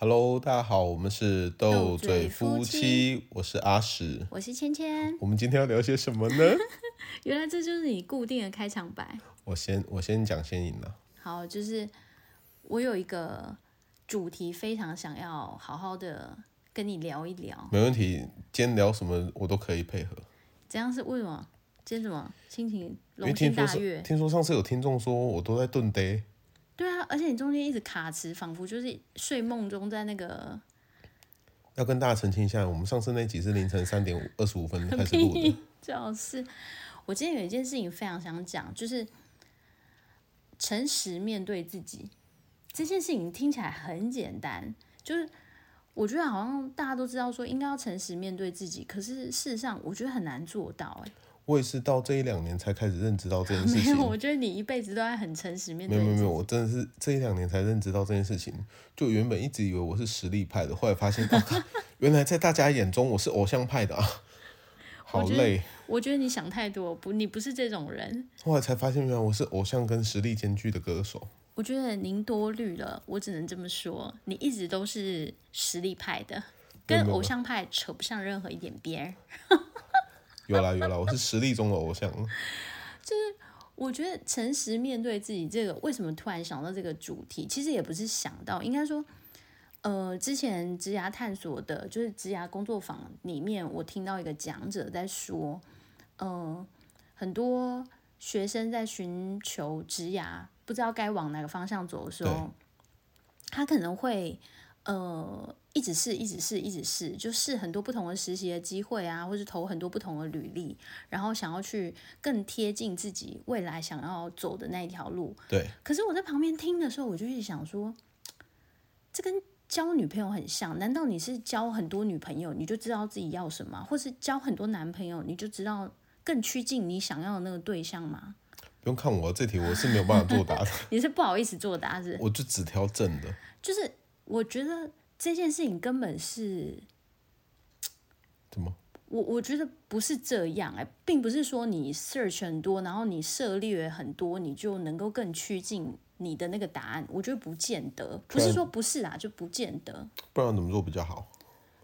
Hello，大家好，我們是鬥嘴夫妻，夫妻，我是阿史，我是芊芊，我們今天要聊些什麼呢？ 原來這就是你固定的開場白。我先我先講先贏了。好，就是我有一個主題，非常想要好好的跟你聊一聊。沒問題，今天聊什麼我都可以配合。這樣是為什麼？今天怎麼心情龍心大悅？聽說上次有聽眾說我都在燉 day 對啊，而且你中間一直卡詞，仿佛就是睡夢中在那個。要跟大家澄清一下，我們上次那集是凌晨三點五二十五分開始錄的。真 是，我今天有一件事情非常想講，就是誠實面對自己這件事情聽起來很簡單，就是我覺得好像大家都知道說應該要誠實面對自己，可是事實上我覺得很難做到哎。我也是到這一兩年才開始認知到這件事情。因為我覺得你一輩子都在很誠實面對。沒有沒有沒有，我真的是這一兩年才認知到這件事情。就原本一直以為我是實力派的，後來發現， 啊、原來在大家眼中我是偶像派的啊。好累。我覺,我覺得你想太多，不，你不是這種人。後來才發現，原來我是偶像跟實力兼具的歌手。我覺得您多慮了，我只能這麼說，你一直都是實力派的，跟偶像派扯不上任何一點邊。 有啦有啦，我是實力中的偶像。 就是我覺得誠實面對自己，這個為什麼突然想到這個主題？其實也不是想到，應該說，呃，之前職涯探索的，就是職涯工作坊裡面，我聽到一個講者在說，呃，很多學生在尋求職涯，不知道該往哪個方向走的時候，對他可能會，呃。一直試，一直試，一直試，就試很多不同的實習的機會啊，或者投很多不同的履歷，然後想要去更貼近自己未來想要走的那一條路。對。可是我在旁邊聽的時候，我就會想說，這跟交女朋友很像。難道你是交很多女朋友，你就知道自己要什麼？或是交很多男朋友，你就知道更趨近你想要的那個對象嗎？不用看我、啊、這題，我是沒有辦法作答的。 你是不好意思作答是？我就只挑正的。就是我覺得。這件事情根本是怎麼？我我覺得不是這樣哎、欸，並不是說你 search 很多，然後你涉獵很多，你就能夠更趨近你的那個答案。我覺得不見得，不是說不是啦，就不見得。不然怎麼做比較好？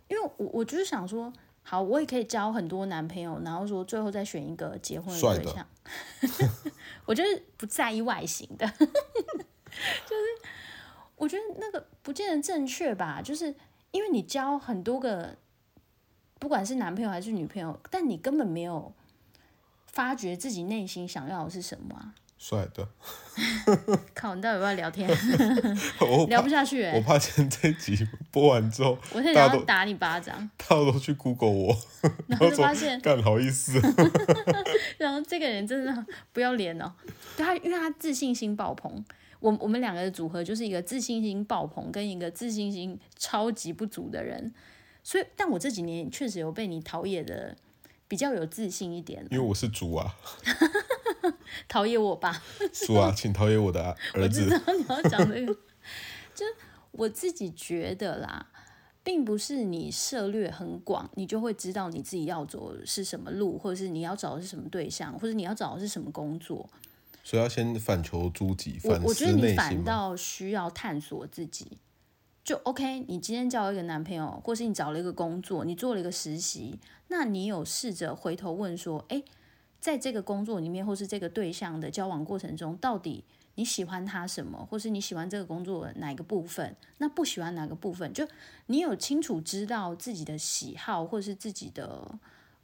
因為我我就是想說，好，我也可以交很多男朋友，然後說最後再選一個結婚的對象。帥的 我就是不在意外形的。 我覺得那個不見得正確吧，就是因為你交很多個，不管是男朋友還是女朋友，但你根本沒有發覺自己內心想要的是什麼啊。帥帥的， 靠，你到底要不要聊天？ 怕聊不下去、欸、我怕前這集播完之後，大家都打你巴掌，大家都去 Google 我，然後就發現，幹 好意思， 然後這個人真的不要臉哦、喔，他因為他自信心爆棚。我我們兩個的組合就是一個自信心爆棚，跟一個自信心超級不足的人，所以，但我這幾年確實有被你陶冶的比較有自信一點。因為我是豬啊， 陶冶我吧，豬啊，請陶冶我的兒子。 我知道你要講這個， 就我自己覺得啦，並不是你涉獵很廣，你就會知道你自己要走的是什麼路，或者是你要找的是什麼對象，或者是你要找的是什麼工作。所以要先反求諸己，我反我，我覺得你反倒需要探索自己。就 OK，你今天交了一個男朋友，或是你找了一個工作，你做了一個實習，那你有試着回頭問說，誒、欸，在這個工作裡面，或是這個對象的交往過程中，到底你喜歡他什麼？或是你喜歡這個工作哪個部分，那不喜歡哪個部分？就你有清楚知道自己的喜好或是自己的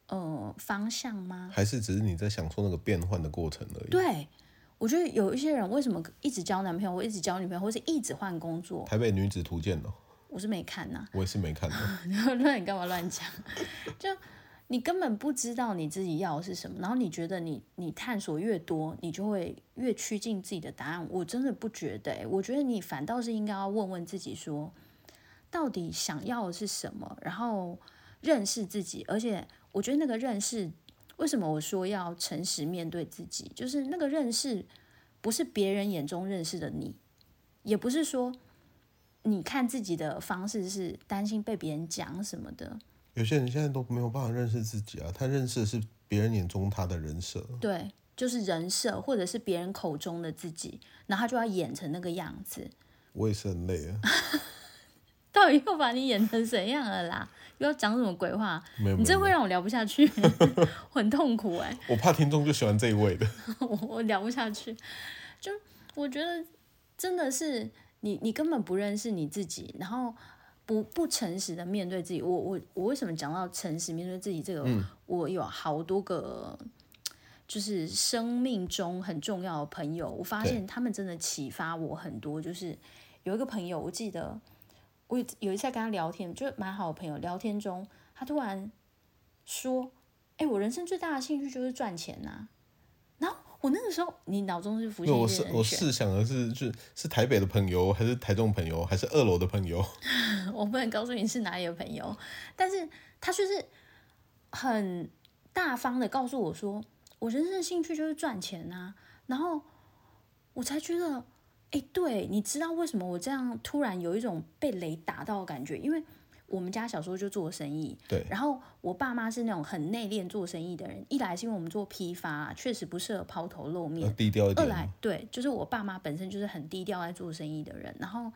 呃方向嗎？還是只是你在享受那個變換的過程而已？對。我覺得有一些人為什麼一直交男朋友，或一直交女朋友，或是一直換工作？台北女子圖鑑哦，我是沒看吶、啊。我也是沒看。那 你幹嘛亂講？就你根本不知道你自己要的是什麼，然後你覺得你你探索越多，你就會越趨近自己的答案。我真的不覺得、欸、我覺得你反倒是應該要問問自己說，說到底想要的是什麼，然後認識自己。而且我覺得那個認識。為什麼我說要誠實面對自己？就是那個認識，不是別人眼中認識的你，也不是說你看自己的方式是擔心被別人講什麼的。有些人現在都沒有辦法認識自己啊，他認識的是別人眼中他的人設。對，就是人設，或者是別人口中的自己，然後他就要演成那個樣子。我也是很累啊， 到底又把你演成怎樣了啦？不要講什麼鬼話，你這會讓我聊不下去， 很痛苦哎、欸！我怕聽眾就喜歡這一位的，我 我聊不下去，就我覺得真的是你，你根本不認識你自己，然後不不誠實的面對自己。我我我為什麼講到誠實面對自己這個？嗯、我有好多個，就是生命中很重要的朋友，我發現他們真的啟發我很多。對就是有一個朋友，我記得。我有一次在跟他聊天，就蠻好的朋友。聊天中，他突然說：“哎、欸，我人生最大的興趣就是賺錢吶、啊。”然後我那個時候，你腦中是浮現一些我，我是我是想的是，就是台北的朋友，還是台中朋友，還是二樓的朋友？我不能告訴你是哪裡的朋友，但是他就是很大方的告訴我說，我人生的興趣就是賺錢吶、啊。然後我才覺得。哎、欸，對，你知道為什麼我這樣突然有一種被雷打到的感覺？因為我們家小時候就做生意，對。然後我爸媽是那種很內斂做生意的人，一來是因為我們做批發，確實不適合拋頭露面，低調一點。二來，對，就是我爸媽本身就是很低調在做生意的人，然後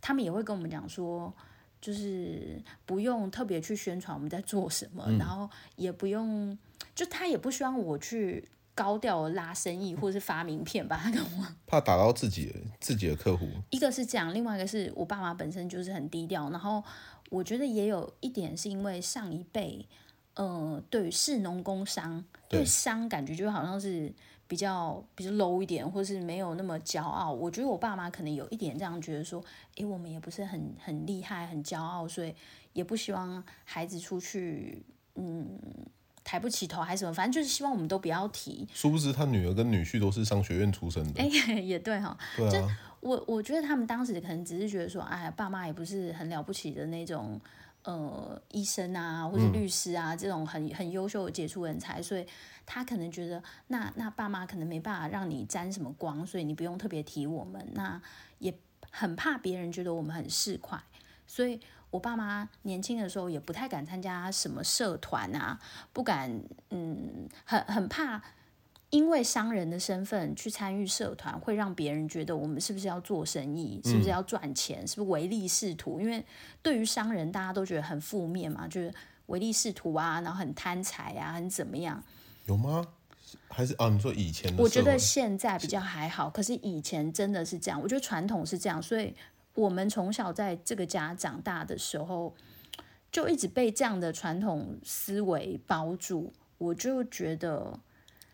他們也會跟我們講說，就是不用特別去宣傳我們在做什麼，嗯、然後也不用，就他也不希望我去。高調拉生意，或者是發名片吧，把他干怕打到自己 自己的客戶。一個是這樣，另外一個是我爸媽本身就是很低調。然後我覺得也有一點是因為上一輩，呃，對，士農工商，對商感覺就好像是比較比較 low 一點，或是沒有那麼驕傲。我覺得我爸媽可能有一點這樣覺得說，哎、欸，我們也不是很很厲害，很驕傲，所以也不希望孩子出去，嗯。抬不起頭還是什麼，反正就是希望我們都不要提。殊不知他女兒跟女婿都是商學院出身的，哎、欸，也對哈、喔。對、啊、就我我覺得他們當時可能只是覺得說，哎，爸媽也不是很了不起的那種，呃，醫生啊，或者律師啊，嗯、這種很很優秀的傑出人才，所以他可能覺得，那那爸媽可能沒辦法讓你沾什麼光，所以你不用特別提我們，那也很怕別人覺得我們很市儈，所以。我爸媽年輕的時候也不太敢參加什麼社團啊，不敢，嗯，很很怕，因為商人的身份去參與社團會讓別人覺得我們是不是要做生意，嗯、是不是要賺錢，是不是唯利是圖？因為對於商人，大家都覺得很負面嘛，就是唯利是圖啊，然後很貪財啊，很怎麼樣？有嗎？還是啊？你說以前的？我覺得現在比較還好，是，可是以前真的是這樣。我覺得傳統是這樣，所以。我們從小在這個家長大的時候，就一直被這樣的傳統思維包住。我就覺得，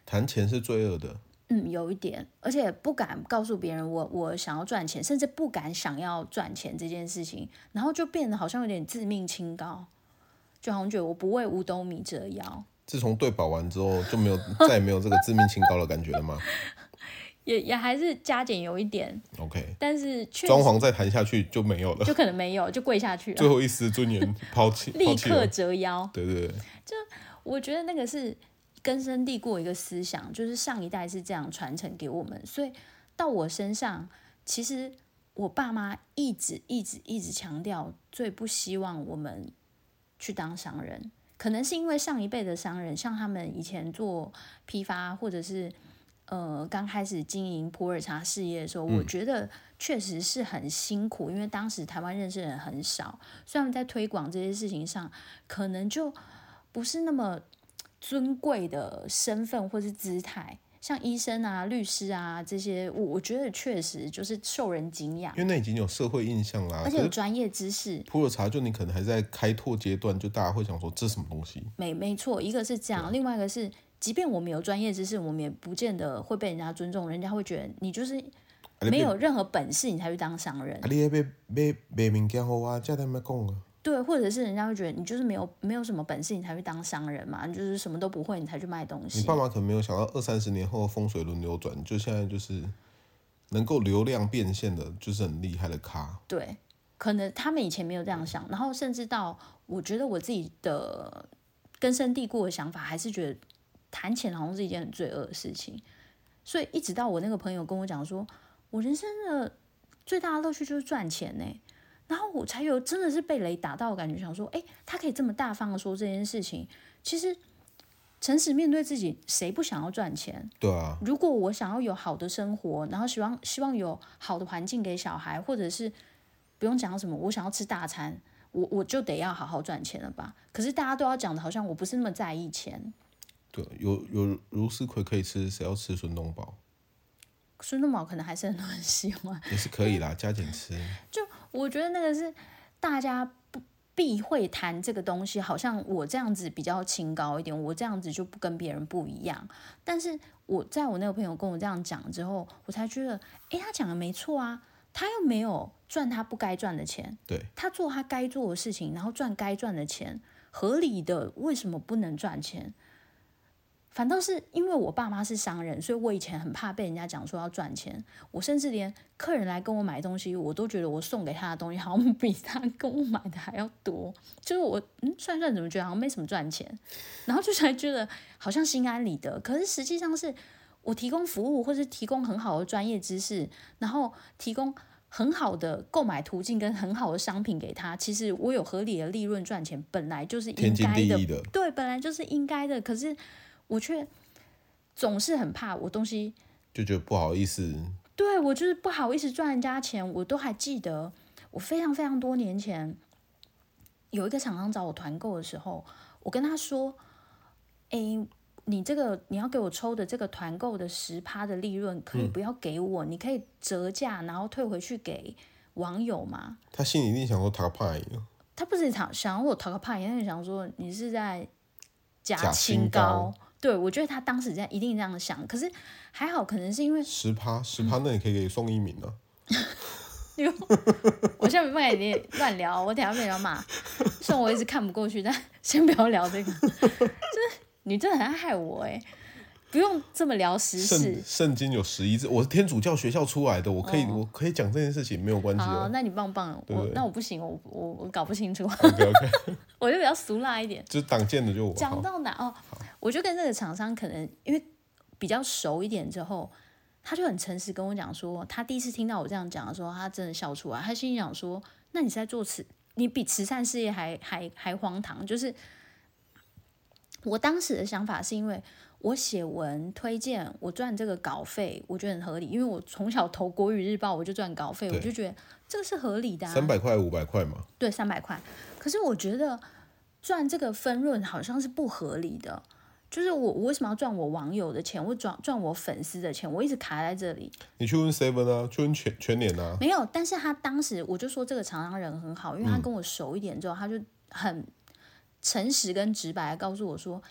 談錢是罪惡的。嗯，有一點，而且不敢告訴別人我我想要賺錢，甚至不敢想要賺錢這件事情，然後就變得好像有點自命清高，就好像覺得我不為五斗米折腰。自從對保完之後，就沒有 再也沒有這個自命清高的感覺了嗎？ 也也還是加減有一點，OK，但是裝潢再談下去就沒有了，就可能沒有，就跪下去了， 最後一絲尊嚴拋棄， 立刻折腰。對對對，就，就我覺得那個是根深蒂固一個思想，就是上一代是這樣傳承給我們，所以到我身上，其實我爸媽一直一直一直強調，最不希望我們去當商人，可能是因為上一輩的商人，像他們以前做批發或者是。呃，剛開始經營普洱茶事業的時候，嗯、我覺得確實是很辛苦，因為當時台灣認識的人很少，所以在推廣這些事情上，可能就不是那麼尊貴的身份或是姿態，像醫生啊、律師啊這些，我覺得確實就是受人敬仰，因為那已經有社會印象啦、啊，而且有專業知識。普洱茶就你可能還在開拓階段，就大家會想說，這是什麼東西？沒沒錯，一個是這樣，對另外一個是。即便我們有專業知識，我們也不見得會被人家尊重。人家會覺得你就是沒有任何本事，你才去當商人。你也要賣賣賣東西啊，啊對，或者是人家會覺得你就是沒有沒有什麼本事，你才去當商人嘛，就是什麼都不會，你才去賣東西。你爸媽可能沒有想到二三十年後風水輪流轉，就現在就是能夠流量變現的，就是很厲害的咖。對，可能他們以前沒有這樣想，然後甚至到我覺得我自己的根深蒂固的想法，還是覺得。談錢，好像是一件很罪惡的事情，所以一直到我那個朋友跟我講說，我人生的最大的樂趣就是賺錢呢，然後我才有真的是被雷打到的感覺，想說，誒、欸，他可以這麼大方的說這件事情，其實誠實面對自己，誰不想要賺錢？對啊，如果我想要有好的生活，然後希望希望有好的環境給小孩，或者是不用講什麼，我想要吃大餐，我我就得要好好賺錢了吧？可是大家都要講的，好像我不是那麼在意錢。有有茹絲葵可以吃，誰要吃孫東寶？孫東寶可能還是很多人喜歡，也是可以啦，欸、加減吃。就我覺得那個是大家不避諱談這個東西，好像我這樣子比較清高一點，我這樣子就不跟別人不一樣。但是我在我那個朋友跟我這樣講之後，我才覺得，哎、欸，他講的沒錯啊，他又沒有賺他不該賺的錢，對，他做他該做的事情，然後賺該賺的錢，合理的為什麼不能賺錢？反倒是因為我爸媽是商人，所以我以前很怕被人家講說要賺錢。我甚至連客人來跟我買東西，我都覺得我送給他的東西好像比他購物買的還要多。就是我、嗯、算算，怎麼覺得好像沒什麼賺錢，然後就是還覺得好像心安理得。可是實際上是我提供服務，或是提供很好的專業知識，然後提供很好的購買途徑跟很好的商品給他。其實我有合理的利潤賺錢，本來就是應該的。天經地義的。對，本來就是應該的。可是。我卻總是很怕我東西，就覺得不好意思。對，我就是不好意思賺人家錢，我都還記得。我非常非常多年前有一個廠商找我團購的時候，我跟他說：“誒、欸，你這個你要給我抽的這個團購的十趴的利潤，可以不要給我，嗯、你可以折價然後退回去給網友嘛？”他心裡一定想說討個拍而已。他不是想想讓我討個拍，他想說你是在假清高。對，我覺得他當時一定這樣想。可是還好，可能是因為十趴十趴，那你可以給送一名呢。我現在不敢一點亂聊，我等下被人家罵。雖然我一直看不過去，但先不要聊這個。就是你真的很愛害我哎！不用這麼聊時事。聖經有十一字，我是天主教學校出來的，我可以，我可以講這件事情沒有關係。哦那你棒棒。我那我不行，我我我搞不清楚。我就比較俗辣一點。就是黨建的，就我講到哪哦。我就跟這個廠商可能因為比較熟一點之後，他就很誠實跟我講說，他第一次聽到我這樣講的時候，他真的笑出來，他心裡想說：“那你是在做慈，你比慈善事業還還還荒唐。”就是我當時的想法是因為我寫文推薦，我賺這個稿費，我覺得很合理，因為我從小投國語日報，我就賺稿費，對我就覺得這個是合理的啊，三百塊五百塊嘛，對，三百塊。可是我覺得賺這個分潤好像是不合理的。就是我，我為什麼要賺我網友的錢？我賺賺我粉絲的錢？我一直卡在這裡。你去問 Seven 啊，去問全全年啊。沒有，但是他當時我就說這個廠商人很好，因為他跟我熟一點，之後他就很誠實跟直白告訴我說：“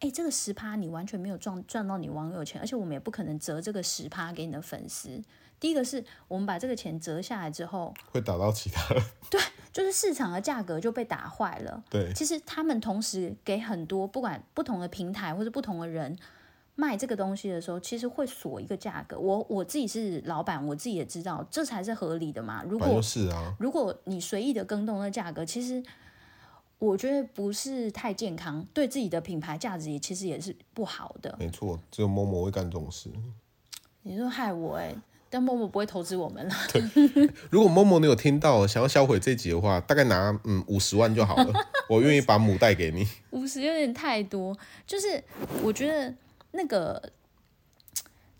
哎、嗯欸，這個十趴你完全沒有賺賺到你網友的錢，而且我們也不可能折這個十趴給你的粉絲。”第一個是我們把這個錢折下來之後，會打到其他。對，就是市場的價格就被打壞了。對，其實他們同時給很多不管不同的平台或者不同的人賣這個東西的時候，其實會鎖一個價格。我我自己是老闆，我自己也知道這才是合理的嘛。優勢啊！如果你隨意的更動的價格，其實我覺得不是太健康，對自己的品牌價值其實也是不好的。沒錯，只有某某會幹這種事。你說害我哎、欸！但默默不會投資我們了。對，如果默默你有聽到想要銷毀這集的話，大概拿嗯五十萬就好了，我願意把母帶給你。五十有點太多，就是我覺得那個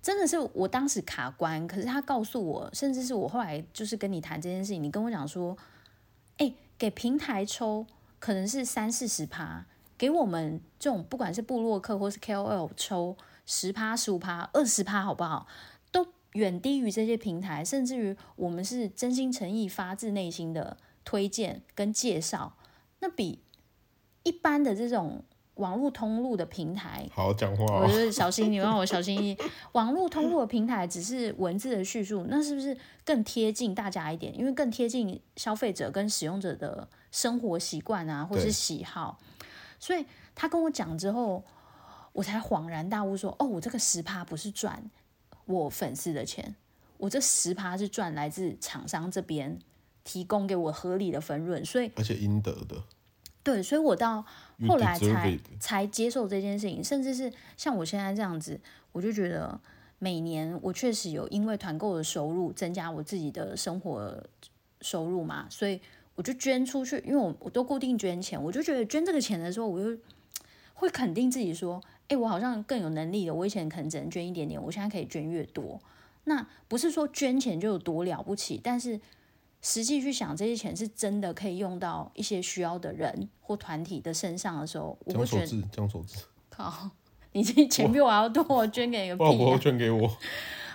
真的是我當時卡關，可是他告訴我，甚至是我後來就是跟你談這件事情，你跟我講說，哎、欸，給平台抽可能是三四十趴，給我們這種不管是部落客或是 KOL 抽十趴、十五趴、二十趴，好不好？遠低於這些平台，甚至於我們是真心誠意、發自內心的推薦跟介紹，那比一般的這種網絡通路的平台好好講話、哦。我就是小心， 你讓我小心一點。網絡通路的平台只是文字的敘述，那是不是更貼近大家一點？因為更貼近消費者跟使用者的生活習慣啊，或是喜好。對所以他跟我講之後，我才恍然大悟，說：“哦，我這個十趴不是賺。”我粉絲的錢，我這十趴是賺來自廠商這邊提供給我合理的分潤，所以而且應得的，對，所以我到後來才 deserve 才接受這件事情，甚至是像我現在這樣子，我就覺得每年我確實有因為團購的收入增加我自己的生活的收入嘛，所以我就捐出去，因為我我都固定捐錢，我就覺得捐這個錢的時候，我就會肯定自己說。哎、欸，我好像更有能力了。我以前可能只能捐一點點，我現在可以捐越多。那不是說捐錢就有多了不起，但是實際去想，這些錢是真的可以用到一些需要的人或團體的身上的時候，講數字，講數字。好，你這錢比我還要多，捐給一個寶寶，我我捐給我。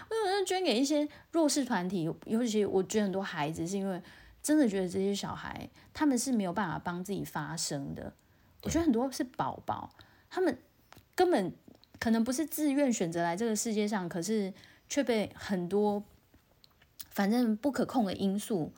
嗯， 捐給一些弱勢團體，尤其我捐很多孩子，是因為真的覺得這些小孩他們是沒有辦法幫自己發聲的。對我覺得很多是寶寶，他們。根本可能不是自願選擇來這個世界上，可是卻被很多反正不可控的因素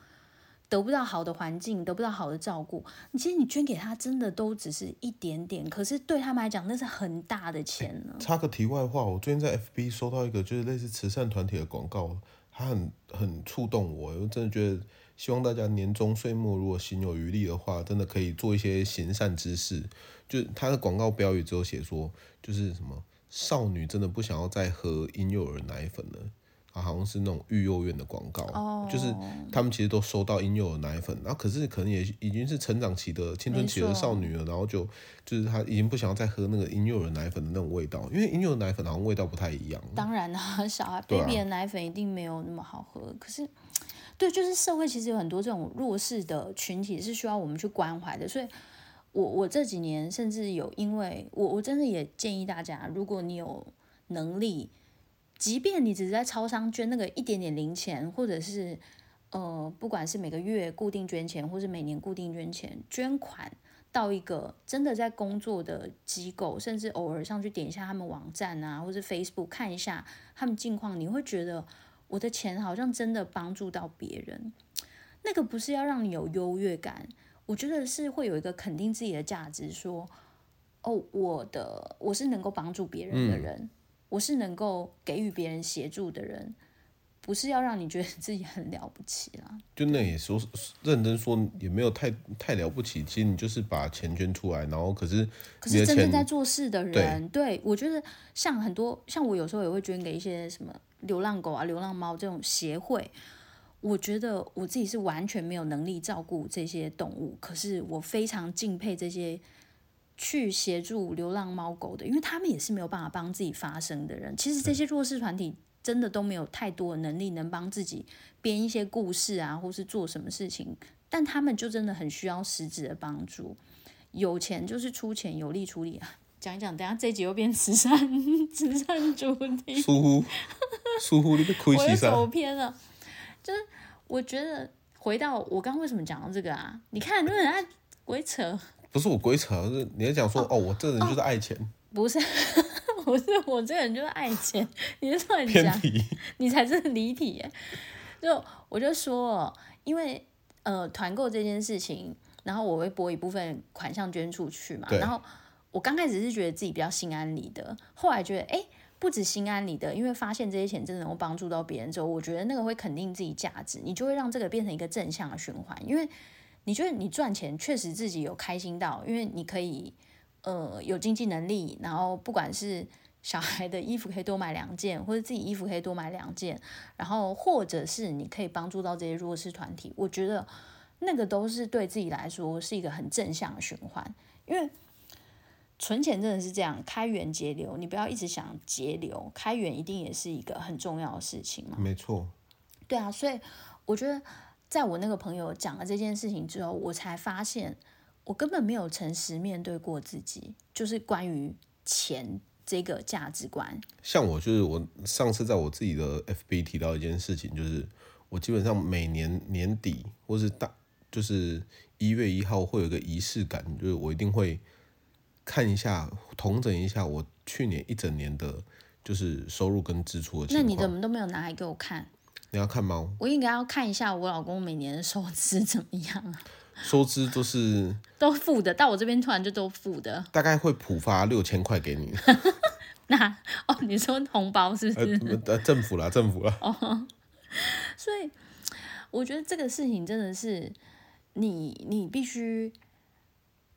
得不到好的環境，得不到好的照顧。其實你捐給他，真的都只是一點點，可是對他們來講那是很大的錢了啊。欸，插個題外話，我最近在 FB 收到一個就是類似慈善團體的廣告，他很很觸動我，我真的覺得。希望大家年終歲末如果心有餘力的話，真的可以做一些行善之事。就它的廣告標語只有寫說，就是什麼少女真的不想要再喝嬰幼兒奶粉了。啊，好像是那種育幼院的廣告，哦、就是他們其實都收到嬰幼兒奶粉，然後可是可能也已經是成長期的青春期的少女了，沒錯。然後就就是她已經不想要再喝那個嬰幼兒奶粉的那種味道，因為嬰幼兒奶粉好像味道不太一樣。當然啦，小孩 baby 的奶粉一定沒有那麼好喝，啊、可是。對，就是社會其實有很多這種弱勢的群體是需要我們去關懷的，所以我我這幾年甚至有，因為我我真的也建議大家，如果你有能力，即便你只是在超商捐那個一點點零錢，或者是呃，不管是每個月固定捐錢，或是每年固定捐錢，捐款到一個真的在工作的機構，甚至偶爾上去點一下他們網站啊，或者 Facebook 看一下他們近況，你會覺得。我的錢好像真的幫助到別人，那個不是要讓你有優越感，我覺得是會有一個肯定自己的價值，說哦，我的我是能夠幫助別人的人，嗯、我是能夠給予別人協助的人。不是要讓你覺得自己很了不起啦，就那也說認真說也沒有太太了不起，其實你就是把錢捐出來，然後可是你可是真正在做事的人，對，對我覺得像很多像我有時候也會捐給一些什麼流浪狗啊、流浪貓這種協會，我覺得我自己是完全沒有能力照顧這些動物，可是我非常敬佩這些去協助流浪貓狗的，因為他們也是沒有辦法幫自己發聲的人。其實這些弱勢團體。真的都沒有太多的能力能幫自己編一些故事啊，或是做什麼事情，但他們就真的很需要實質的幫助。有錢就是出錢，有力出力啊。講一講，等一下這一集又變慈善，慈善主題。疏忽，疏忽，你的虧死啊！我走偏了，就是我覺得回到我剛為什麼講到這個啊？你看，如果人家鬼扯，不是我鬼扯，是你在講說哦，哦，我這個人就是愛錢，哦，不是。不是我這個人就是愛錢，你是亂講，你才是離題。就我就說，因為呃團購這件事情，然後我會撥一部分款項捐出去嘛。對然後我剛開始是覺得自己比較心安理得，後來覺得哎、欸、不止心安理得，因為發現這些錢真的能夠幫助到別人之後，我覺得那個會肯定自己價值，你就會讓這個變成一個正向的循環，因為你覺得你賺錢確實自己有開心到，因為你可以。呃，有經濟能力，然後不管是小孩的衣服可以多買兩件，或者自己衣服可以多買兩件，然後或者是你可以幫助到這些弱勢團體，我覺得那個都是對自己來說是一個很正向的循環，因為存錢真的是這樣，開源節流，你不要一直想節流，開源一定也是一個很重要的事情嘛。沒錯。對啊，所以我覺得在我那個朋友講了這件事情之後，我才發現。我根本沒有誠實面對過自己，就是關於錢這個價值觀。像我就是我上次在我自己的 FB 提到一件事情，就是我基本上每年年底或是大，就是一月一號會有一個儀式感，就是我一定會看一下、統整一下我去年一整年的就是收入跟支出的錢。那你怎麼都沒有拿來給我看？你要看嗎？我應該要看一下我老公每年的收支怎麼樣啊。收支，就是，都是都負的，到我這邊突然就都負的，大概會普發六千塊給你 。那哦，你說同胞是不是呃？呃，政府啦，政府啦。哦，所以我覺得這個事情真的是你，你必須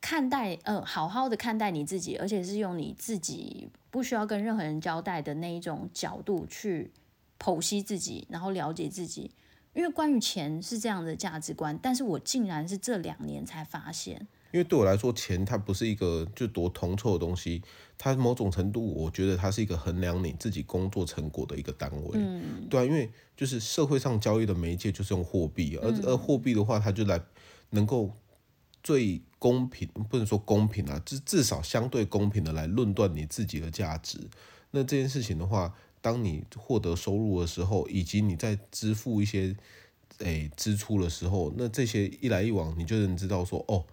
看待，呃，好好的看待你自己，而且是用你自己不需要跟任何人交代的那一種角度去剖析自己，然後了解自己。因為關於錢是這樣的價值觀，但是我竟然是這兩年才發現。因為對我來說，錢它不是一個就多銅臭的東西，它某種程度，我覺得它是一個衡量你自己工作成果的一個單位。嗯。對啊，因為就是社會上交易的媒介就是用貨幣，而而貨幣的話，它就來能夠最公平，不能說公平啊，至至少相對公平的來論斷你自己的價值。那這件事情的話。當你獲得收入的時候，以及你在支付一些誒、欸、支出的時候，那這些一來一往，你就能知道說，哦，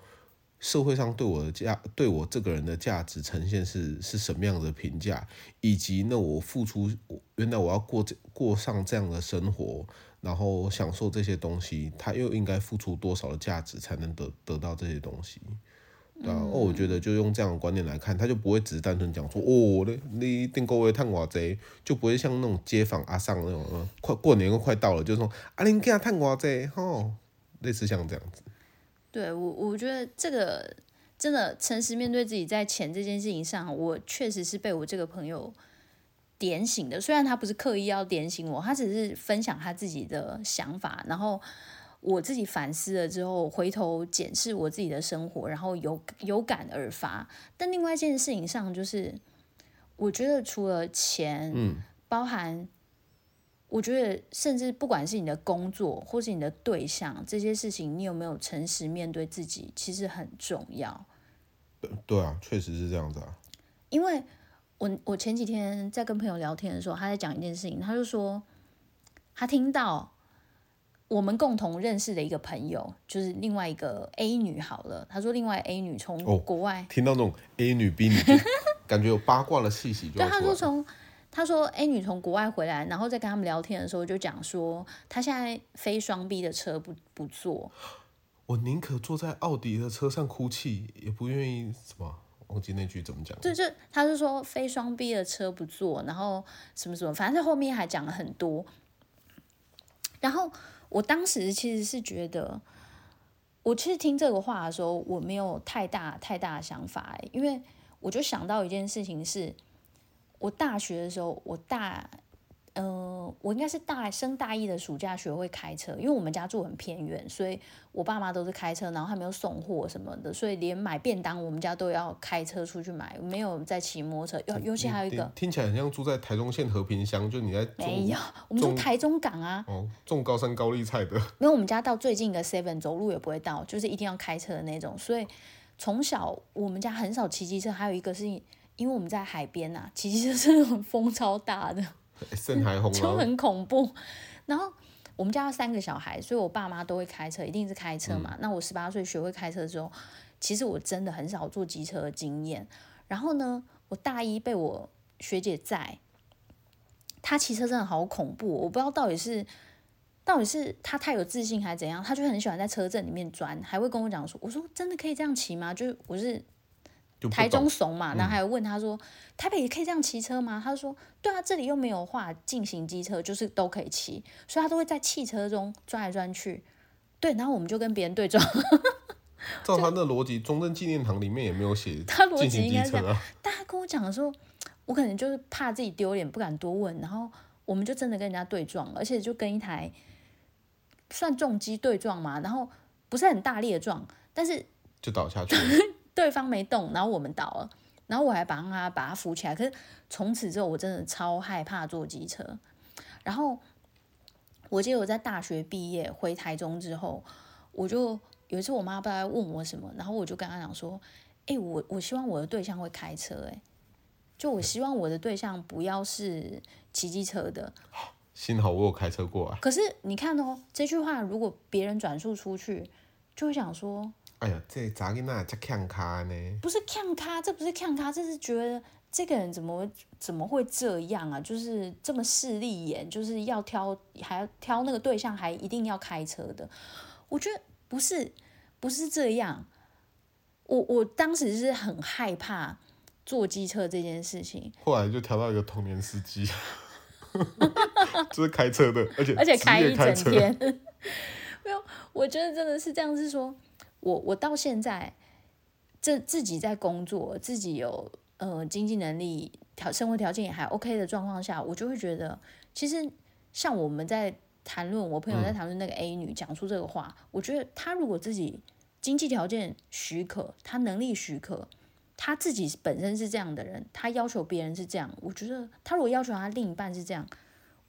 社會上對我的價，對我這個人的價值呈現是是什麼樣的評價，以及那我付出，原來我要過這過上這樣的生活，然後享受這些東西，他又應該付出多少的價值才能得得到這些東西。對啊，哦，我覺得就用這樣的觀念來看，他就不會只單純講說，哦，你你訂購位探我仔，就不會像那種街坊阿桑那種，快過年又快到了，就說阿林給他探我仔吼，類似像這樣子。對，我我覺得這個真的誠實面對自己，在錢這件事情上，我確實是被我這個朋友點醒的。雖然他不是刻意要點醒我，他只是分享他自己的想法，然後，我自己反思了之後，回頭檢視我自己的生活，然後有有感而發。但另外一件事情上，就是我覺得除了錢，嗯，包含我覺得，甚至不管是你的工作或是你的對象，這些事情你有沒有誠實面對自己，其實很重要。對、嗯、對啊，確實是這樣子啊。因為我我前幾天在跟朋友聊天的時候，他在講一件事情，他就說他聽到。我們共同認識的一個朋友，就是另外一個 A 女。好了，他說另外 A 女從國外、哦、聽到那種 A 女 B 女，感覺有八卦的氣息就。 對，他說從她說 A 女從國外回來，然後再跟他們聊天的時候就講，就講說他現在非雙 B 的車不不坐，我寧可坐在奧迪的車上哭泣，也不願意什麼忘記那句怎麼講。對，就他是說非雙 B 的車不坐，然後什麼什麼，反正後面還講了很多。然後我當時其實是覺得，我其實聽這個話的時候，我沒有太大太大的想法哎，因為我就想到一件事情是，我大學的時候，我大。嗯、呃，我應該是大升大一的暑假學會開車，因為我們家住很偏遠，所以我爸媽都是開車，然後他們又送貨什麼的，所以連買便當我們家都要開車出去買，沒有在騎摩托車。尤尤其還有一個，聽起來很像住在台中縣和平鄉，就你在沒有，我們住台中港啊，哦，種高山高麗菜的，因為我們家到最近的 Seven 走路也不會到，就是一定要開車的那種，所以從小我們家很少騎機車。還有一個是因為我們在海邊吶、啊，騎機車是那種風超大的。生颱風就很恐怖，然後我們家有三個小孩，所以我爸媽都會開車，一定是開車嘛。嗯、那我十八歲學會開車之後，其實我真的很少坐機車的經驗。然後呢，我大一被我學姐載，她騎車真的好恐怖，我不知道到底是到底是她太有自信還是怎樣，她就很喜歡在車陣裡面鑽，還會跟我講說，我說真的可以這樣騎嗎？就是我是。就就台中慫嘛，嗯、然後還問他說：“台北也可以這樣騎車嗎？”他說：“對啊，這裡又沒有畫禁行機車，就是都可以騎，所以他都會在汽車中轉來轉去。”對，然後我們就跟別人對撞。照他那邏輯， 就中正紀念堂裡面也沒有寫禁行機車啊邏輯應該。但他跟我講的時候，我可能就是怕自己丟臉，不敢多問。然後我們就真的跟人家對撞，而且就跟一台算重機對撞嘛，然後不是很大力的撞，但是就倒下去了。 對方沒動，然後我們倒了，然後我還幫他把他扶起來。可是從此之後，我真的超害怕坐機車。然後我記得我在大學畢業回台中之後，我就有一次我媽不知道在問我什麼，然後我就跟她講說：“哎，欸，我我希望我的對象會開車欸，哎，就我希望我的對象不要是騎機車的。”幸好我有開車過啊。可是你看哦，這句話如果別人轉述出去，就會想說。哎呀，這咋囡那叫吃嗆咖呢！不是看咖，這不是看咖，這是覺得這個人怎麼怎麼會這樣啊？就是這麼勢利眼，就是要挑，還要挑那個對象，還一定要開車的。我覺得不是，不是這樣。我我當時是很害怕坐機車這件事情，後來就挑到一個童年司機， 就是開車的，而且而且開一整天。沒有， 我覺得真的是這樣子說。我我到現在，正自己在工作，自己有呃經濟能力條，生活條件也還 OK 的狀況下，我就會覺得，其實像我們在談論，我朋友在談論那個 A 女講出這個話，嗯、我覺得她如果自己經濟條件許可，她能力許可，她自己本身是這樣的人，她要求別人是這樣，我覺得她如果要求她另一半是這樣，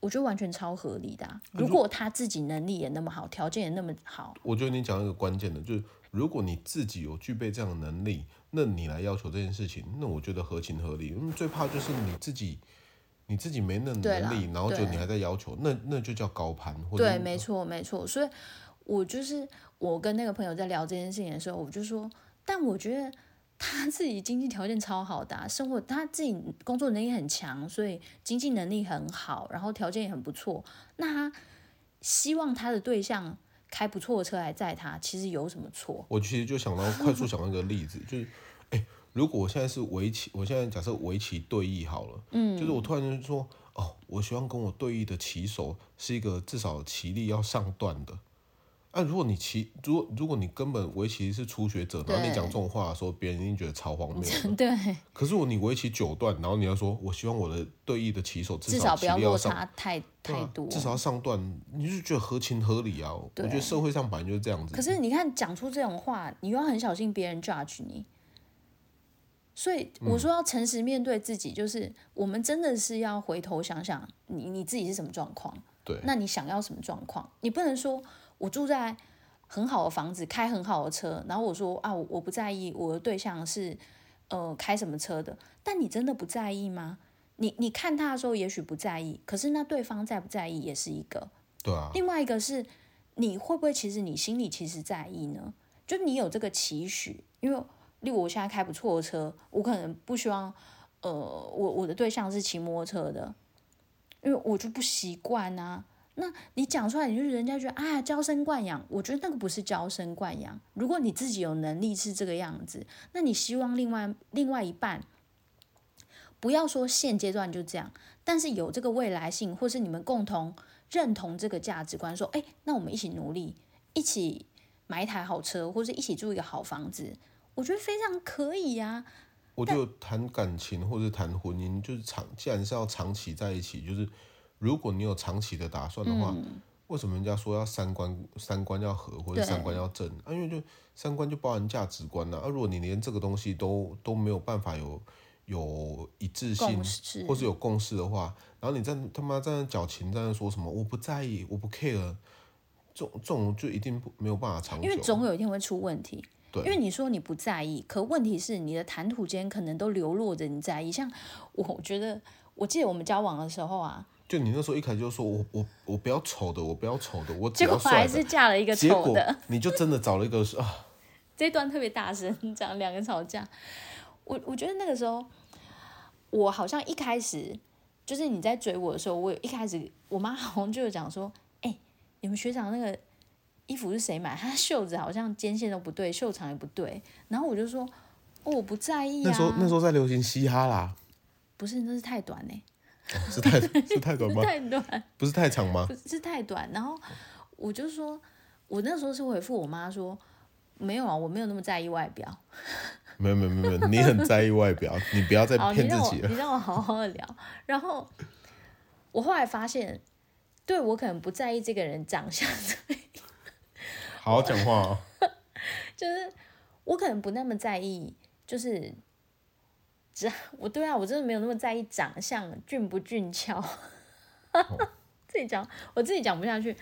我覺得完全超合理的，啊。是如果她自己能力也那麼好，條件也那麼好，我覺得你講一個關鍵的，就是。如果你自己有具備這樣的能力，那你來要求這件事情，那我覺得合情合理。嗯，最怕就是你自己，你自己沒那能力，啦然後就你還在要求，對那那就叫高攀，或者對，沒錯，沒錯。所以，我就是我跟那個朋友在聊這件事情的時候，我就說，但我覺得他自己經濟條件超好的啊，生活他自己工作能力很強，所以經濟能力很好，然後條件也很不錯。那他希望他的對象。開不錯的車來載他，其實有什麼錯？我其實就想到，快速想到一個例子， 就是，哎、欸，如果我現在是圍棋，我現在假設圍棋對弈好了，嗯，就是我突然間就說，哦，我希望跟我對弈的棋手是一個至少棋力要上段的。哎、啊，如果你棋，如果如果你根本圍棋是初學者，然後你講這種話的時候，說別對人一定覺得超荒謬。對。可是如果你圍棋九段，然後你要說，我希望我的對弈的棋手至少，棋至少不要落差太太多，啊。至少要上段，你就覺得合情合理啊？對。我覺得社會上本來就是這樣子。可是你看，講出這種話，你又要很小心別人 judge 你。所以我說要誠實面對自己，就是我們真的是要回頭想想你，你你自己是什麼狀況？對。那你想要什麼狀況？你不能說。我住在很好的房子，開很好的車，然後我說啊我，我不在意我的對象是，呃，開什麼車的。但你真的不在意嗎？你你看他的時候也許不在意，可是那對方在不在意也是一個。對啊。另外一個是，你會不會其實你心裡其實在意呢？就你有這個期許，因為例如我現在開不錯的車，我可能不希望，呃，我我的對象是騎摩托車的，因為我就不習慣啊。那你講出來，你就是人家覺得啊嬌生慣養，我覺得那個不是嬌生慣養。如果你自己有能力是這個樣子，那你希望另外另外一半不要說現階段就這樣，但是有這個未來性，或是你們共同認同這個價值觀，說欸，那我們一起努力，一起買一台好車，或者一起住一個好房子，我覺得非常可以呀。我就談感情或者談婚姻，就是長，既然是要長期在一起，就是。如果你有長期的打算的話，嗯、為什麼人家說要三觀三觀要合，或者三觀要正？對啊、因為就三觀就包含價值觀吶、啊。而、啊、如果你連這個東西都都沒有辦法有有一致性，識或是有共識的話，然後你在他媽站在矯情，在那說什麼我不在意，我不 care，這種這種就一定不沒有辦法長久。因為總有一天會出問題。對，因為你說你不在意，可問題是你的談吐間可能都流露着你在意。像我覺得，我記得我們交往的時候啊。就你那時候一開始就說我，我我我不要醜的，我不要醜的，我的結果還是嫁了一個醜的。你就真的找了一個 啊！這段特別大聲講兩個吵架。我我覺得那個時候，我好像一開始就是你在追我的時候，我有一開始我媽好像就有講說，哎、欸，你們學長那個衣服是誰買？他袖子好像肩線都不對，袖長也不對。然後我就說，哦、我不在意啊。那時候那時候在流行嘻哈啦，不是那是太短哎、欸。哦、是太是太短嗎？ 太短，不是太長嗎？不是，是太短。然後我就說，我那時候是回復我媽說，沒有啊，我沒有那麼在意外表。沒有沒有沒有，你很在意外表， 你不要再騙自己了。你讓我你讓我好好的聊。 然後我後來發現，對，我可能不在意這個人長相。好好講話哦。就是我可能不那麼在意，就是。只我對啊，我真的沒有那麼在意長相，俊不俊俏， 自己講我自己講不下去。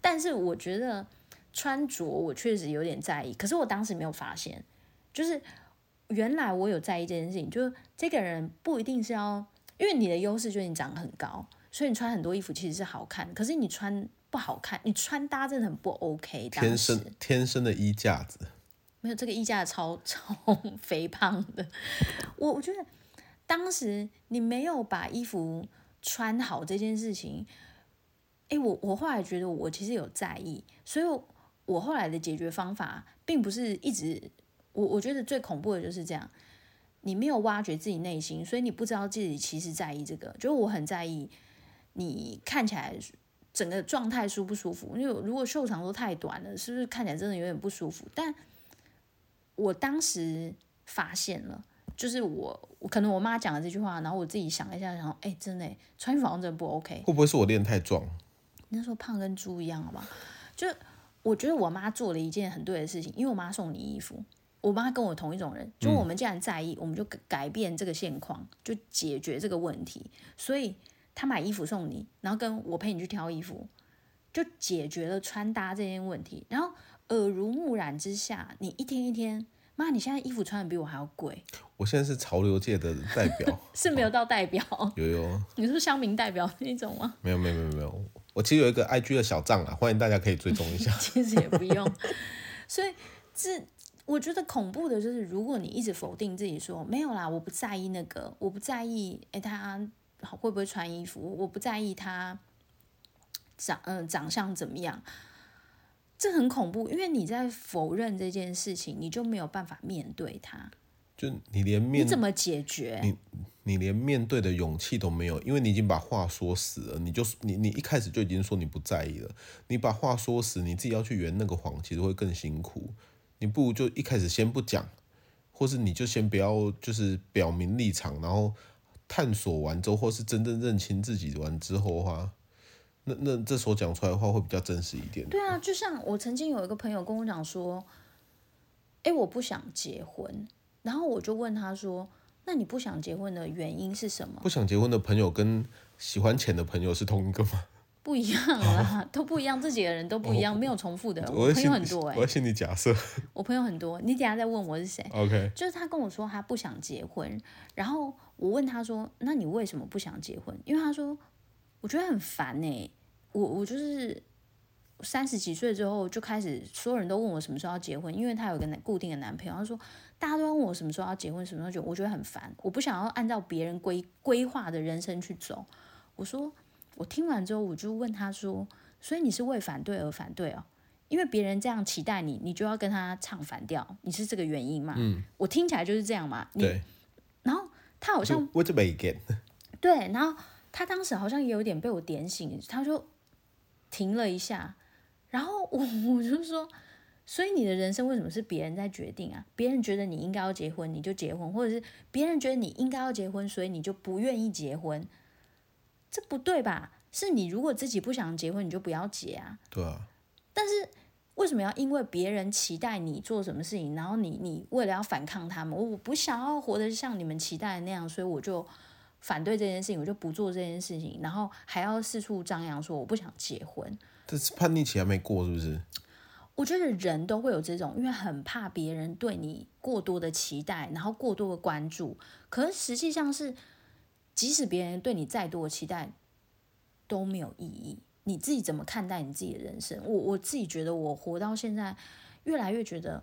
但是我覺得穿着我確實有點在意，可是我當時沒有發現，就是原來我有在意這件事情。就是這個人不一定是要，因為你的優勢就是你長得很高，所以你穿很多衣服其實是好看。可是你穿不好看，你穿搭真的很不 OK，天生天生的衣架子。沒有這個衣架，超超肥胖的，我我覺得當時你沒有把衣服穿好這件事情，誒，我我後來覺得我其實有在意，所以，我我後來的解決方法並不是一直，我我覺得最恐怖的就是這樣，你沒有挖掘自己內心，所以你不知道自己其實在意這個，就是我很在意你看起來整個狀態舒不舒服，因為如果袖長都太短了，是不是看起來真的有點不舒服？但我當時發現了，就是我，我可能我媽講了這句話，然後我自己想了一下，然後哎，真的穿衣服好像真不 OK，會不會是我練太壯？那時候胖跟豬一樣，好嗎？就我覺得我媽做了一件很對的事情，因為我媽送你衣服，我媽跟我同一種人，就我們既然在意，嗯、我們就改變這個現況，就解決這個問題，所以她買衣服送你，然後跟我陪你去挑衣服，就解決了穿搭這件問題，然後。耳濡目染之下，你一天一天，媽，你現在衣服穿得比我還要貴。我現在是潮流界的代表。 是沒有到代表。好有有，你是不是鄉民代表那種嗎？沒有沒有沒有沒有，我其實有一個 I G 的小賬啊，歡迎大家可以追蹤一下。 其實也不用。 所以這我覺得恐怖的就是，如果你一直否定自己說，說沒有啦，我不在意那個，我不在意，哎、欸，他會不會穿衣服，我不在意他長嗯、呃、長相怎麼樣。這很恐怖，因為你在否認這件事情，你就沒有辦法面對它。就你連面，你怎麼解決？你你連面對的勇氣都沒有，因為你已經把話說死了。你就你你一開始就已經說你不在意了，你把話說死，你自己要去圓那個謊，其實會更辛苦。你不如就一開始先不講，或是你就先不要就是表明立場，然後探索完之後，或是真正認清自己完之後的話。那那這時候講出來的話會比較真實一點。對啊，就像我曾經有一個朋友跟我講說：“哎、欸，我不想結婚。”然後我就問他說：“那你不想結婚的原因是什麼？”不想結婚的朋友跟喜歡錢的朋友是同一個嗎？不一樣了啦，啊、都不一樣，自己的人都不一樣，哦、沒有重複的。我,我朋友很多哎、欸。我請你假設。我朋友很多，你等下再問我是誰。OK，就是他跟我說他不想結婚，然後我問他說：“那你為什麼不想結婚？”因為他說。我覺得很煩呢、欸。我我就是我三十幾歲之後就開始，所有人都問我什麼時候要結婚，因為他有一個固定的男朋友，他說大家都問我什麼時候要結婚，什麼時候結婚，我覺得很煩，我不想要按照別人規規劃的人生去走。我說我聽完之後，我就問他說，所以你是為反對而反對哦？因為別人這樣期待你，你就要跟他唱反調，你是這個原因嘛？嗯、我聽起來就是這樣嘛。你對。然後他好像對，然後。他當時好像也有點被我點醒，他就停了一下，然後我我就說，所以你的人生為什麼是別人在決定啊？別人覺得你應該要結婚，你就結婚，或者是別人覺得你應該要結婚，所以你就不願意結婚，這不對吧？是你如果自己不想結婚，你就不要結啊。對啊。但是為什麼要因為別人期待你做什麼事情，然後你你為了要反抗他們，我不想要活得像你們期待的那樣，所以我就。反對這件事情，我就不做這件事情，然後還要四處張揚說我不想結婚。這是叛逆期還沒過，是不是？我覺得人都會有這種，因為很怕別人對你過多的期待，然後過多的關注。可是實際上是，即使別人對你再多的期待，都沒有意義。你自己怎麼看待你自己的人生？我我自己覺得，我活到現在，越來越覺得。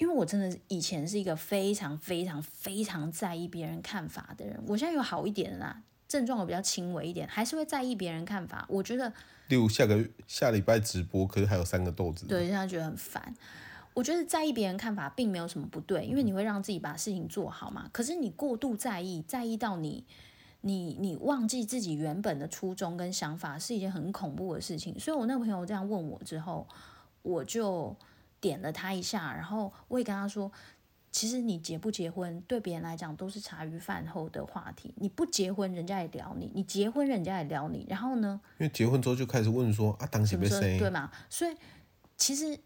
因為我真的以前是一個非常非常非常在意別人看法的人，我現在有好一點了啦，症狀我比較輕微一點，還是會在意別人看法。我覺得，例如下個月下禮拜直播，可是還有三個豆子，對，現在覺得很煩。我覺得在意別人看法並沒有什麼不對，因為你會讓自己把事情做好嘛。嗯、可是你過度在意，在意到你，你你忘記自己原本的初衷跟想法是一件很恐怖的事情。所以我那個朋友這樣問我之後，我就。點了他一下，然後我也跟他說，其實你結不結婚，對別人來講都是茶餘飯後的話題。你不結婚，人家也聊你；你結婚，人家也聊你。然後呢？因為結婚之後就開始問說啊，當什麼誰？對嘛？所以其實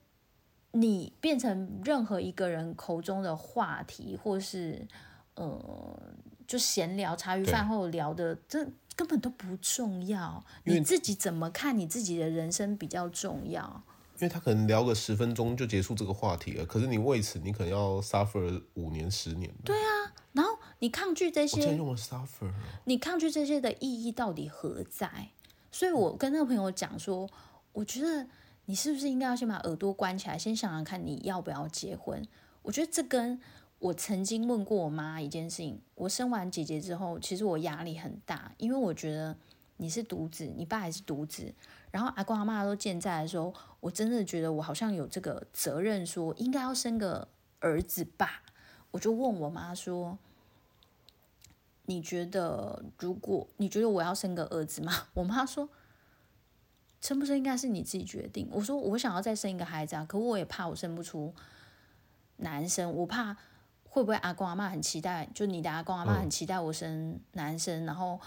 你變成任何一個人口中的話題，或是呃，就閒聊茶餘飯後聊的，對這根本都不重要。為你自己怎麼看你自己的人生比較重要？因為他可能聊個十分鐘就結束這個話題了，可是你為此你可能要 suffer 五年十年。對啊，然後你抗拒這些，我真的用了 suffer 啊。你抗拒這些的意義到底何在？所以我跟那個朋友講說，我覺得你是不是應該要先把耳朵關起來，先想想看你要不要結婚？我覺得這跟我曾經問過我媽一件事情，我生完姐姐之後，其實我壓力很大，因為我覺得。你是獨子，你爸也是獨子，然後阿公阿嬤都健在的時候，我真的覺得我好像有這個責任，說應該要生個兒子吧。我就問我媽說，你覺得如果你覺得我要生個兒子嗎？我媽說，生不生應該是你自己決定。我說我想要再生一個孩子啊，可我也怕我生不出男生，我怕會不會阿公阿嬤很期待，就你的阿公阿嬤很期待我生男生，嗯、然後。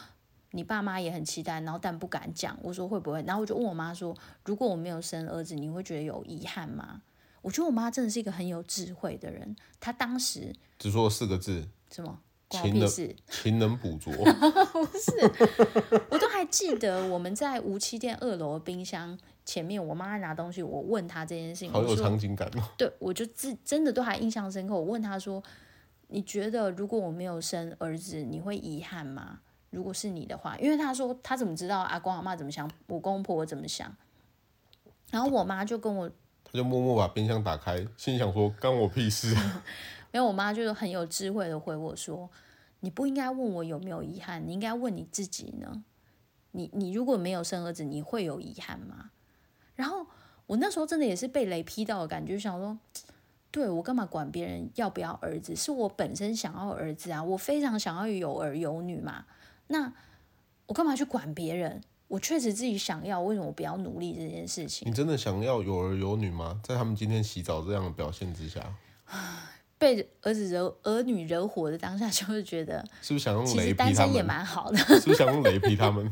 你爸媽也很期待，然後但不敢講。我說會不會？然後我就問我媽說：“如果我沒有生兒子，你會覺得有遺憾嗎？”我覺得我媽真的是一個很有智慧的人。她當時只說了四個字：“什麼？”“勤能勤能補拙。” 不是，我都還記得我們在無期店二樓冰箱前面，我媽在拿東西，我問她這件事情。好有場景感嗎？對，我就真真的都還印象深刻。我問她說：“你覺得如果我沒有生兒子，你會遺憾嗎？”如果是你的話，因為他說他怎麼知道阿公阿嬤怎麼想，我公公婆婆怎麼想，然後我媽就跟我，她就默默把冰箱打開，心想說干我屁事啊。 沒有，我媽就是很有智慧的回我說，你不應該問我有沒有遺憾，你應該問你自己呢。你你如果沒有生兒子，你會有遺憾嗎？然後我那時候真的也是被雷劈到的感覺，想說，對，我幹嘛管別人要不要兒子？是我本身想要兒子啊，我非常想要有兒有女嘛。那我幹嘛去管別人？我確實自己想要，為什麼我不要努力這件事情？你真的想要有兒有女嗎？在他們今天洗澡這樣的表現之下，被兒子惹兒女惹火的當下，就會覺得是不是想用雷？其實單身也蠻好的，是不是想用雷劈他們？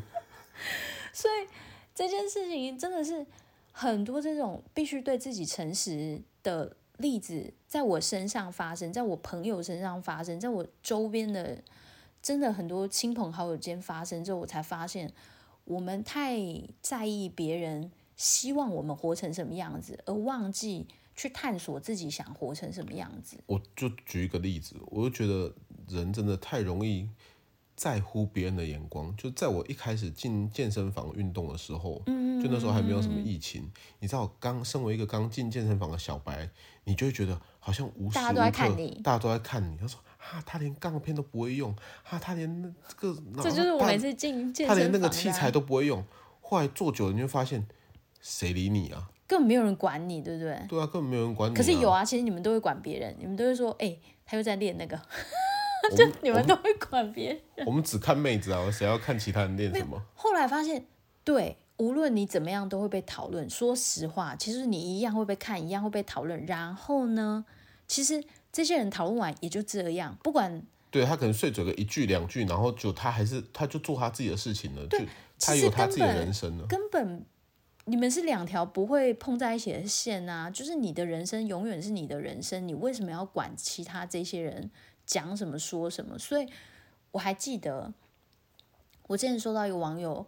所以這件事情真的是很多這種必須對自己誠實的例子，在我身上發生，在我朋友身上發生，在我周邊的。真的很多親朋好友間發生之後，我才發現我們太在意別人希望我們活成什麼樣子，而忘記去探索自己想活成什麼樣子。我就舉一個例子，我就覺得人真的太容易在乎別人的眼光。就在我一開始進健身房運動的時候，嗯，就那時候還沒有什麼疫情，嗯，你知道我剛，剛身為一個剛進健身房的小白，你就會覺得好像無時無刻，大家都在看你，大家都在看你，他說。啊、他連槓片都不會用，啊、他連那、這個這就是我每次進他健他連那個器材都不會用。後來做久了，你就發現誰理你啊？根本沒有人管你，對不對？對啊，根本沒有人管你、啊。可是有啊，其實你們都會管別人，你們都會說，哎、欸，他又在練那個， 們就你們都會管別人我。我們只看妹子啊，誰要看其他人練什麼？後來發現，對，無論你怎麼樣，都會被討論。說實話，其實你一樣會被看，一樣會被討論。然後呢，其實。這些人討論完也就這樣，不管，對他可能碎嘴個一句兩句，然後就他還是他就做他自己的事情了，對就他有他自己的人生了。根本，根本你們是兩條不會碰在一起的線啊！就是你的人生永遠是你的人生，你為什麼要管其他這些人講什麼說什麼？所以我還記得，我之前收到一個網友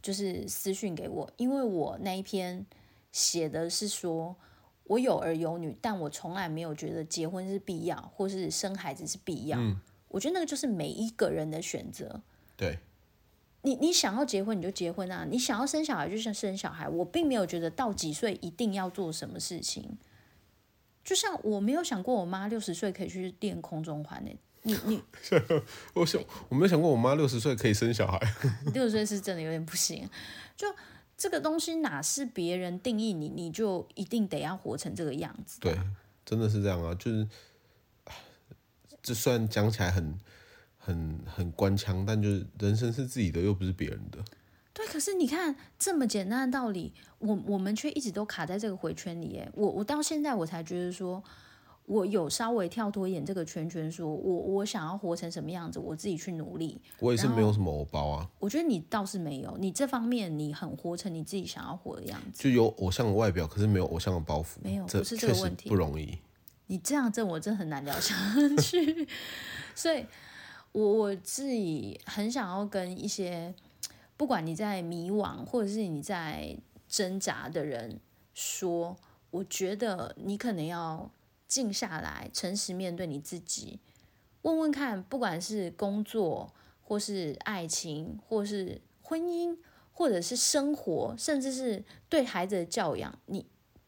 就是私訊給我，因為我那一篇寫的是說。我有兒有女，但我從來沒有覺得結婚是必要，或是生孩子是必要。嗯，我覺得那個就是每一個人的選擇。對，你你想要結婚你就結婚啊，你想要生小孩就像生小孩。我並沒有覺得到幾歲一定要做什麼事情，就像我沒有想過我媽六十歲可以去練空中環你，欸，你，你 我想我沒有想過我媽六十歲可以生小孩，六十歲是真的有點不行。就。這個東西哪是別人定義你，你就一定得要活成這個樣子啊？對，真的是這樣啊！就是，這雖然講起來很、很、很官腔，但就是人生是自己的，又不是別人的。對，可是你看這麼簡單的道理，我我們卻一直都卡在這個回圈裡耶。哎，我我到現在我才覺得說。我有稍微跳脫一點這個圈圈說，說我我想要活成什麼樣子，我自己去努力。我也是沒有什麼偶包啊。我覺得你倒是沒有，你這方面你很活成你自己想要活的樣子。就有偶像的外表，可是沒有偶像的包袱。沒有、嗯，這不是這個問題。確實不容易。你這樣子，我真很難聊下 去。所以我我自己很想要跟一些不管你在迷惘或者是你在掙扎的人說，我覺得你可能要。靜下來，誠實面對你自己，問問看，不管是工作，或是愛情，或是婚姻，或者是生活，甚至是對孩子的教養，你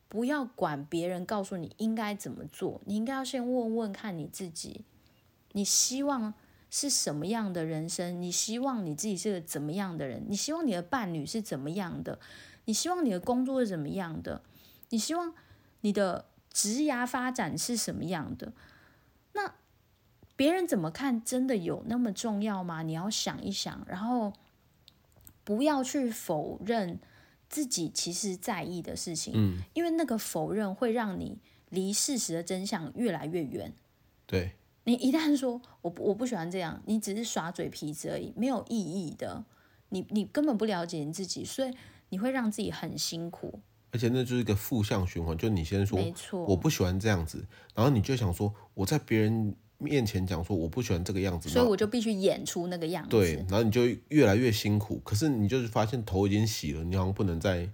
不要管別人告訴你應該怎麼做，你應該要先問問看你自己，你希望是什麼樣的人生？你希望你自己是個怎麼樣的人？你希望你的伴侶是怎麼樣的？你希望你的工作是怎麼樣的？你希望你的⋯⋯職涯發展是什麼樣的？那別人怎麼看，真的有那麼重要嗎？你要想一想，然後不要去否認自己其實在意的事情，嗯，因為那個否認會讓你離事實的真相越來越遠。對，你一旦說我不我不喜歡這樣，你只是耍嘴皮子而已，沒有意義的。你你根本不了解你自己，所以你會讓自己很辛苦。而且那就是一個負向循環，就你先說，沒錯，我不喜歡這樣子，然後你就想說，我在別人面前講說我不喜歡這個樣子，所以我就必須演出那個樣子，那對，然後你就越來越辛苦，可是你就是發現頭已經洗了，你好像不能再，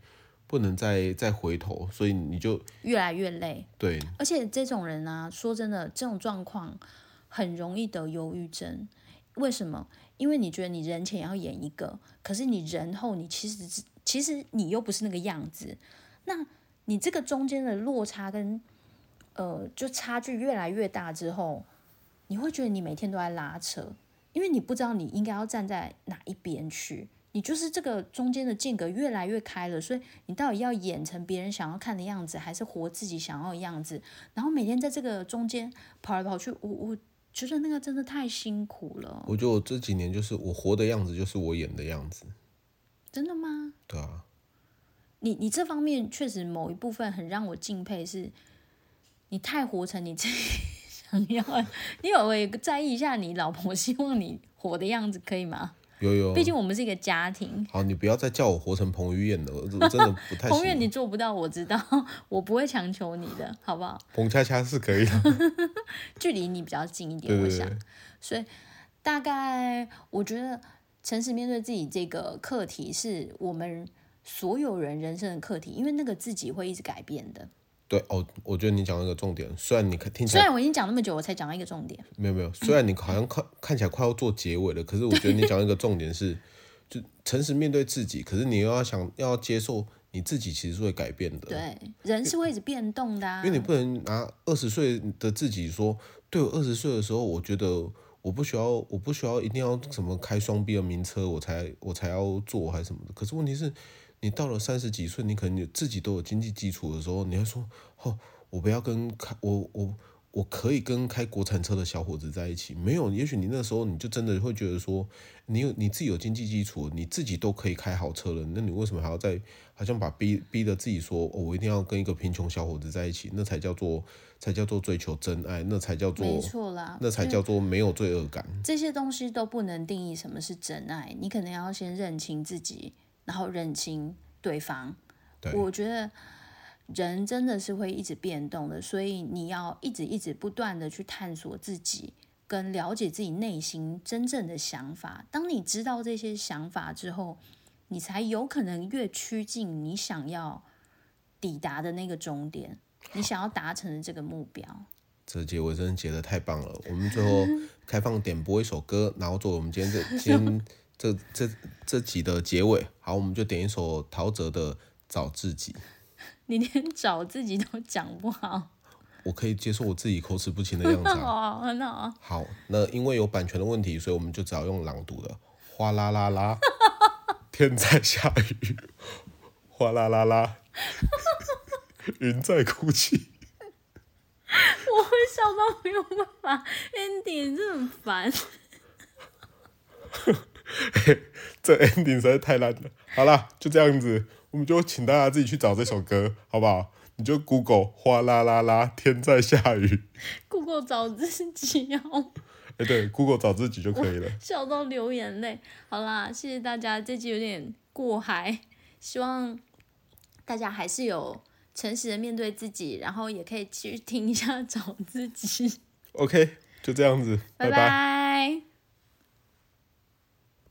不能再再回頭，所以你就越來越累，對。而且這種人呢、啊，說真的，這種狀況很容易得憂鬱症，為什麼？因為你覺得你人前要演一個，可是你人後你其實是，其實你又不是那個樣子。那你這個中間的落差跟呃，就差距，越來越大之後，你會覺得你每天都在拉扯，因為你不知道你應該要站在哪一邊去，你就是這個中間的間隔越來越開了，所以你到底要演成別人想要看的樣子，還是活自己想要的樣子？然後每天在這個中間跑來跑去，我我覺得那個真的太辛苦了。我覺得我這幾年就是我活的樣子，就是我演的樣子。真的嗎？對啊。你你這方面確實某一部分很讓我敬佩，是你太活成你自己 想要。你有沒有在意一下你老婆希望你活的樣子，可以嗎？有有，畢竟我們是一個家庭。好，你不要再叫我活成彭於晏的，我真的不太。彭於晏你做不到，我知道，我不會強求你的，好不好？彭恰恰是可以的， 距離你比較近一點，我想。對對對對，所以大概我覺得，誠實面對自己這個課題是我們。所有人人生的課題，因為那個自己會一直改變的。對哦，我覺得你講了一個重點。雖然你聽起來，雖然我已經講那麼久，我才講到一個重點。沒有沒有，雖然你好像看、嗯、看起來快要做結尾了，可是我覺得你講一個重點是， 就誠實面對自己。可是你又要想要接受你自己，其實是會改變的。對，人是會一直變動的啊。因為，因為你不能拿二十歲的自己說，對我二十歲的時候，我覺得我不需要，我不需要一定要什麼開雙臂的名車我，我才我才要做還是什麼的。可是問題是。你到了三十幾歲，你可能自己都有經濟基礎的時候，你還說，哦，我不要跟開我我我可以跟開國產車的小伙子在一起？沒有，也許你那時候你就真的會覺得說，你有你自己有經濟基礎，你自己都可以開好車了，那你為什麼還要再好像把逼逼得自己說，哦，我一定要跟一個貧窮小伙子在一起？那才叫做才叫做追求真愛，那才叫做沒錯啦，那才叫做沒有罪惡感。這些東西都不能定義什麼是真愛，你可能要先認清自己。然後認清對方，對，我覺得人真的是會一直變動的，所以你要一直一直不斷的去探索自己，跟了解自己內心真正的想法。當你知道這些想法之後，你才有可能越趨近你想要抵達的那個終點，好你想要達成的這個目標。這集我真的覺得太棒了，我們最後開放點播一首歌， 然後作為我們今天的今。 這這這集的結尾，好，我們就點一首陶喆的《找自己》。你連找自己都講不好，我可以接受我自己口齒不清的樣子啊，很好啊，很好啊。好，那因為有版權的問題，所以我們就只要用朗讀了。嘩啦啦啦，天在下雨，嘩啦啦啦，人在哭泣。 我會笑到沒有辦法，Andy，你真的很煩。 嘿，這 ending 實在太爛了。好啦，就這樣子，我們就請大家自己去找這首歌，好不好？你就 Google 嘩啦啦啦，天在下雨。Google 找自己哦。哎、欸，對，Google 找自己就可以了。笑到流眼淚。好啦，謝謝大家，這集有點過嗨，希望大家還是有誠實的面對自己，然後也可以繼續聽一下找自己。OK，就這樣子，拜拜。拜拜。